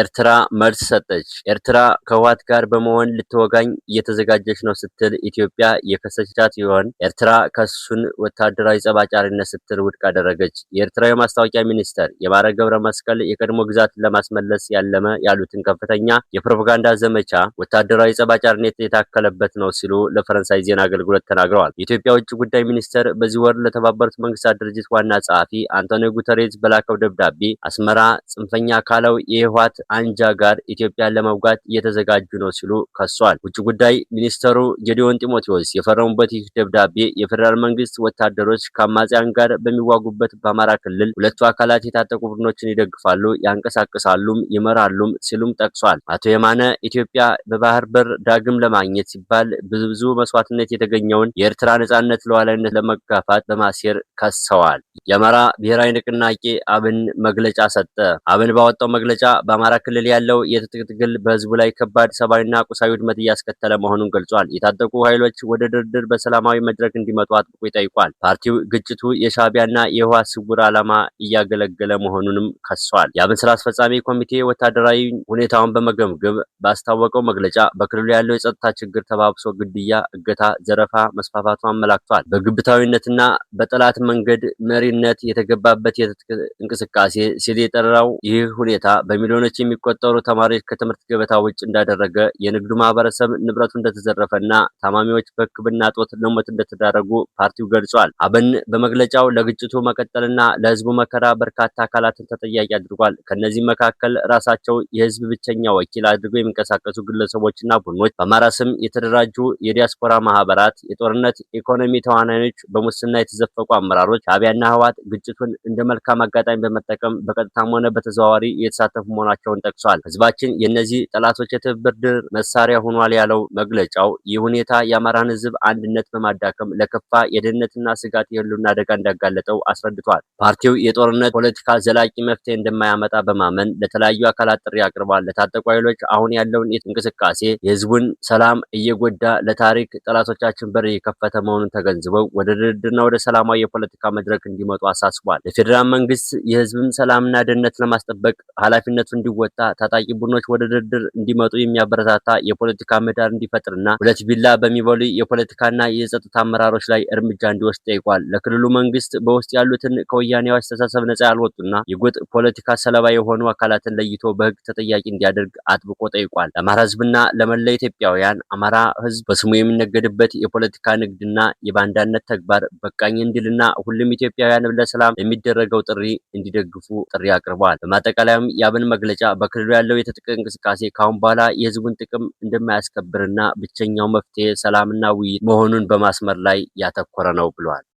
ኤርትራ መልስ ሰጠች። ኤርትራ ከህወሓት ጋር በመሆን ልትወጋኝ እየተዘጋጀች ነው ስትል ኢትዮጵያ የከሰቻት ሲሆን ኤርትራ ከሱን ወታደራዊ ጸባጫሪነት ስትል ውድቅ አደረገች። የኤርትራ የማስታወቂያ ሚኒስተር የማረ ገብረ መስቀል የቀድሞ ግዛትን ለማስመለስ ያለመ ያሉትን ከፍተኛ የፕሮፓጋንዳ ዘመቻ ወታደራዊ ጸባጫሪነት የታከለበት ነው ሲሉ ለፈረንሳይ ዜና አገልግሎት ተናግረዋል። የኢትዮጵያ ውጭ ጉዳይ ሚኒስተር በዚህ ወር ለተባበሩት መንግስታት ድርጅት ዋና ጸሐፊ አንቶኒዮ ጉተሬዝ በላከው ደብዳቤ አስመራ ጽንፈኛ ካለው የህወሓት አንጃ ጋር ኢትዮጵያን ለመውጋት እየተዘጋጁ ነው ሲሉ ከሷል። ውጭ ጉዳይ ሚኒስተሩ ጌዲዮን ጢሞቴዎስ የፈረሙበት ይህ ደብዳቤ የፌዴራል መንግስት ወታደሮች ከአማጽያን ጋር በሚዋጉበት በአማራ ክልል ሁለቱ አካላት የታጠቁ ቡድኖችን ይደግፋሉ፣ ያንቀሳቅሳሉም፣ ይመራሉም ሲሉም ጠቅሷል። አቶ የማነ ኢትዮጵያ በባህር በር ዳግም ለማግኘት ሲባል ብዙ ብዙ መስዋዕትነት የተገኘውን የኤርትራ ነጻነት ለዋላዊነት ለመጋፋት በማሴር ከሰዋል። የአማራ ብሔራዊ ንቅናቄ አብን መግለጫ ሰጠ። አብን ባወጣው መግለጫ በአማራ በአማራ ክልል ያለው የትጥቅ ትግል በህዝቡ ላይ ከባድ ሰብአዊና ቁሳዊ ውድመት እያስከተለ መሆኑን ገልጿል። የታጠቁ ኃይሎች ወደ ድርድር በሰላማዊ መድረክ እንዲመጡ አጥብቆ ይጠይቋል። ፓርቲው ግጭቱ የሻቢያና የህዋ ስውር ዓላማ እያገለገለ መሆኑንም ከሷል። የአብን ስራ አስፈጻሚ ኮሚቴ ወታደራዊ ሁኔታውን በመገምገም ባስታወቀው መግለጫ በክልሉ ያለው የጸጥታ ችግር ተባብሶ ግድያ፣ እገታ፣ ዘረፋ መስፋፋቱ አመላክቷል። በግብታዊነትና በጠላት መንገድ መሪነት የተገባበት የትጥቅ እንቅስቃሴ ሲል የጠራው ይህ ሁኔታ በሚሊዮኖች የሚቆጠሩ ተማሪዎች ከትምህርት ገበታ ውጭ እንዳደረገ፣ የንግዱ ማህበረሰብ ንብረቱ እንደተዘረፈ እና ታማሚዎች በሕክምና እጦት ለሞት እንደተዳረጉ ፓርቲው ገልጿል። አብን በመግለጫው ለግጭቱ መቀጠልና ለህዝቡ መከራ በርካታ አካላትን ተጠያቂ አድርጓል። ከእነዚህ መካከል ራሳቸው የህዝብ ብቸኛ ወኪል አድርገው የሚንቀሳቀሱ ግለሰቦችና ቡድኖች፣ በአማራ ስም የተደራጁ የዲያስፖራ ማህበራት፣ የጦርነት ኢኮኖሚ ተዋናዮች፣ በሙስና የተዘፈቁ አመራሮች፣ ሻዕቢያና ህወሓት ግጭቱን እንደ መልካም አጋጣሚ በመጠቀም በቀጥታም ሆነ በተዘዋዋሪ የተሳተፉ መሆናቸው መሆናቸውን ጠቅሷል። ህዝባችን የእነዚህ ጠላቶች የትብብር ድር መሳሪያ ሆኗል ያለው መግለጫው ይህ ሁኔታ የአማራን ህዝብ አንድነት በማዳከም ለከፋ የደህንነትና ስጋት የህልውና አደጋ እንዳጋለጠው አስረድቷል። ፓርቲው የጦርነት ፖለቲካ ዘላቂ መፍትሄ እንደማያመጣ በማመን ለተለያዩ አካላት ጥሪ አቅርቧል። ለታጠቁ ኃይሎች አሁን ያለውን እንቅስቃሴ የህዝቡን ሰላም እየጎዳ ለታሪክ ጠላቶቻችን በር እየከፈተ መሆኑን ተገንዝበው ወደ ድርድርና ወደ ሰላማዊ የፖለቲካ መድረክ እንዲመጡ አሳስቧል። ለፌዴራል መንግስት የህዝብን ሰላምና ደህንነት ለማስጠበቅ ኃላፊነቱ እንዲ እንዲወጣ ታጣቂ ቡድኖች ወደ ድርድር እንዲመጡ የሚያበረታታ የፖለቲካ ምህዳር እንዲፈጥርና ሁለት ቢላ በሚበሉ የፖለቲካና የጸጥታ አመራሮች ላይ እርምጃ እንዲወስድ ጠይቋል። ለክልሉ መንግስት በውስጥ ያሉትን ከወያኔው አስተሳሰብ ነጻ ያልወጡና የጎጥ ፖለቲካ ሰለባ የሆኑ አካላትን ለይቶ በህግ ተጠያቂ እንዲያደርግ አጥብቆ ጠይቋል። ለአማራ ህዝብና ለመላ ኢትዮጵያውያን አማራ ህዝብ በስሙ የሚነገድበት የፖለቲካ ንግድና የባንዳነት ተግባር በቃኝ እንዲልና ሁሉም ኢትዮጵያውያን ለሰላም የሚደረገው ጥሪ እንዲደግፉ ጥሪ አቅርበዋል። በማጠቃለያም የአብን መግለጫ መግለጫ በክልሉ ያለው የትጥቅ እንቅስቃሴ ካሁን በኋላ የህዝቡን ጥቅም እንደማያስከብርና ብቸኛው መፍትሄ ሰላምና ውይይት መሆኑን በማስመር ላይ ያተኮረ ነው ብሏል።